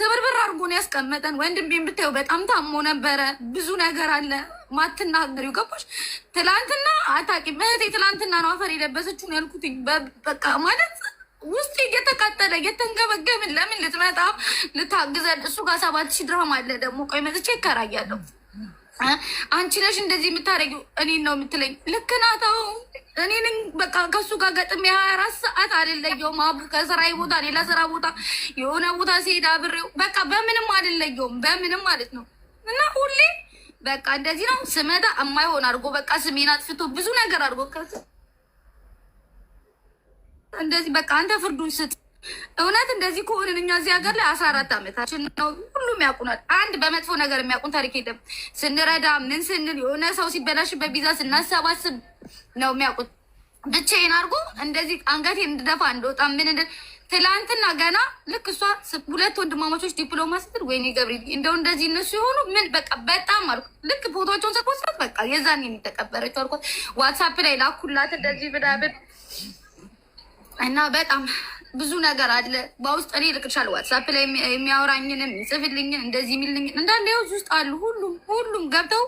ትብርብር አድርጎን ያስቀመጠን ወንድሜን ብታየው በጣም ታሞ ነበረ። ብዙ ነገር አለ ማትናገሪው ገባሽ። ትላንትና አታውቂም እህቴ፣ ትላንትና ነው አፈር የለበሰችውን ያልኩትኝ። በቃ ማለት ውስጥ እየተቃጠለ እየተንገበገብን ለምን ልትመጣ ልታግዘን። እሱ ጋር ሰባት ሺ ድራም አለ ደግሞ። ቆይ መጥቼ ይከራያለሁ። አንቺ ነሽ እንደዚህ የምታደርጊው እኔን ነው የምትለኝ። ልክ ናት። አዎ እኔንም በቃ ከሱ ጋር ገጥሜ የሀያ አራት ሰዓት አልለየውም። አቡ ከስራ ቦታ ሌላ ስራ ቦታ የሆነ ቦታ ሲሄድ አብሬው በቃ በምንም አልለየውም፣ በምንም ማለት ነው። እና ሁሌ በቃ እንደዚህ ነው። ስመጣ እማይሆን አድርጎ በቃ ስሜን አጥፍቶ ብዙ ነገር አድርጎ እንደዚህ በቃ አንተ ፍርዱን ስጥ። እውነት እንደዚህ ከሆንን እኛ እዚህ ሀገር ላይ አስራ አራት ዓመታችን ነው። ሁሉም ያውቁናል። አንድ በመጥፎ ነገር የሚያውቁን ታሪክ የለም። ስንረዳ ምን ስንል የሆነ ሰው ሲበላሽበት ቢዛ ስናሰባስብ ነው የሚያውቁት። ብቻዬን አድርጎ እንደዚህ አንገቴ እንድደፋ እንደወጣ ምን ትላንትና ገና ልክ እሷ ሁለት ወንድማማቾች ዲፕሎማ ስትል ወይኔ ገብሪ እንደው እንደዚህ እነሱ የሆኑ ምን በቃ በጣም አልኩ። ልክ ፎቶቸውን ሰኮስት በቃ የዛን የሚተቀበረችው አልኳት። ዋትሳፕ ላይ ላኩላት እንደዚህ ብዳብን እና በጣም ብዙ ነገር አለ በውስጥ እኔ ልክልሻለሁ። ዋትሳፕ ላይ የሚያወራኝንም ይጽፍልኝን እንደዚህ የሚልኝን እንዳለ ውስጥ አሉ። ሁሉም ሁሉም ገብተው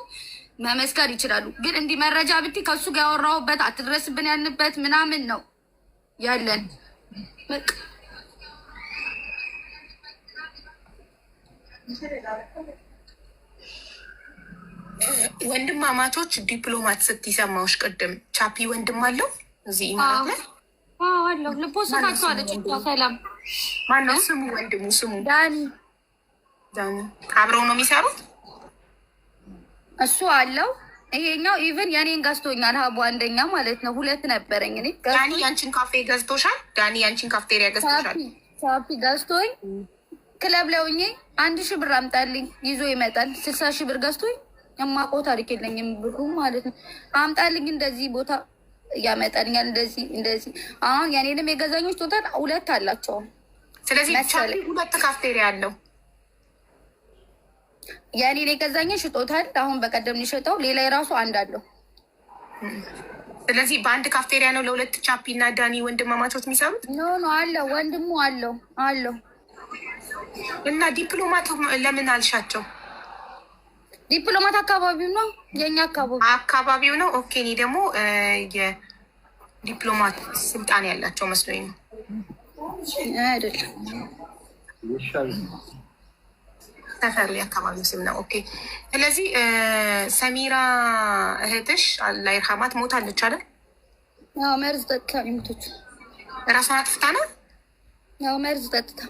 መመስከር ይችላሉ። ግን እንዲህ መረጃ ብቲ ከሱ ጋር ያወራሁበት አትድረስብን ያንበት ምናምን ነው ያለን። ወንድማማቾች ዲፕሎማት ስትሰማዎች ቅድም ቻፒ ወንድም አለው እዚህ ኢማራት ልቦ አለው ሰላም ማነው ስሙ? ወንድሙ ስሙ ዳኒ ዳኒ አብረው ነው የሚሰሩት እሱ አለው። ይሄኛው ኢቨን የኔን ገዝቶኛል። ሀቡ አንደኛ ማለት ነው። ሁለት ነበረኝ እኔ። ዳኒ ያንቺን ካፌ ገዝቶሻል። ዳኒ ያንቺን ካፍቴሪያ ገዝቶሻል። ካፌ ገዝቶኝ ክለብ ለውኝ አንድ ሺ ብር አምጣልኝ ይዞ ይመጣል። ስልሳ ሺ ብር ገዝቶኝ የማውቀው ታሪክ የለኝም ብሩ ማለት ነው። አምጣልኝ እንደዚህ ቦታ እያመጣልኛል እንደዚህ እንደዚህ። አሁን የኔንም የገዛኞች ቶታል ሁለት አላቸውም። ስለዚህ ሁለት ካፍቴሪያ አለው የእኔን የገዛኝን ሽጦታል። አሁን በቀደም ሊሸጠው ሌላ የራሱ አንድ አለው። ስለዚህ በአንድ ካፍቴሪያ ነው ለሁለት ቻፒ እና ዳኒ ወንድማማቾች የሚሰሩት። ኖ ኖ አለው ወንድሙ አለው አለው። እና ዲፕሎማቱ ለምን አልሻቸው? ዲፕሎማት አካባቢው ነው የኛ አካባቢ አካባቢው ነው። ኦኬ እኔ ደግሞ የዲፕሎማት ስልጣን ያላቸው መስሎኝ ነው አይደለም ተፈሪ አካባቢ ስም ነው። ኦኬ። ስለዚህ ሰሚራ እህትሽ አላህ ይርሐማት ሞታለች አይደል? መርዝ ጠጥታ ሞቶች ራሷን አጥፍታ ነው መርዝ ጠጥታ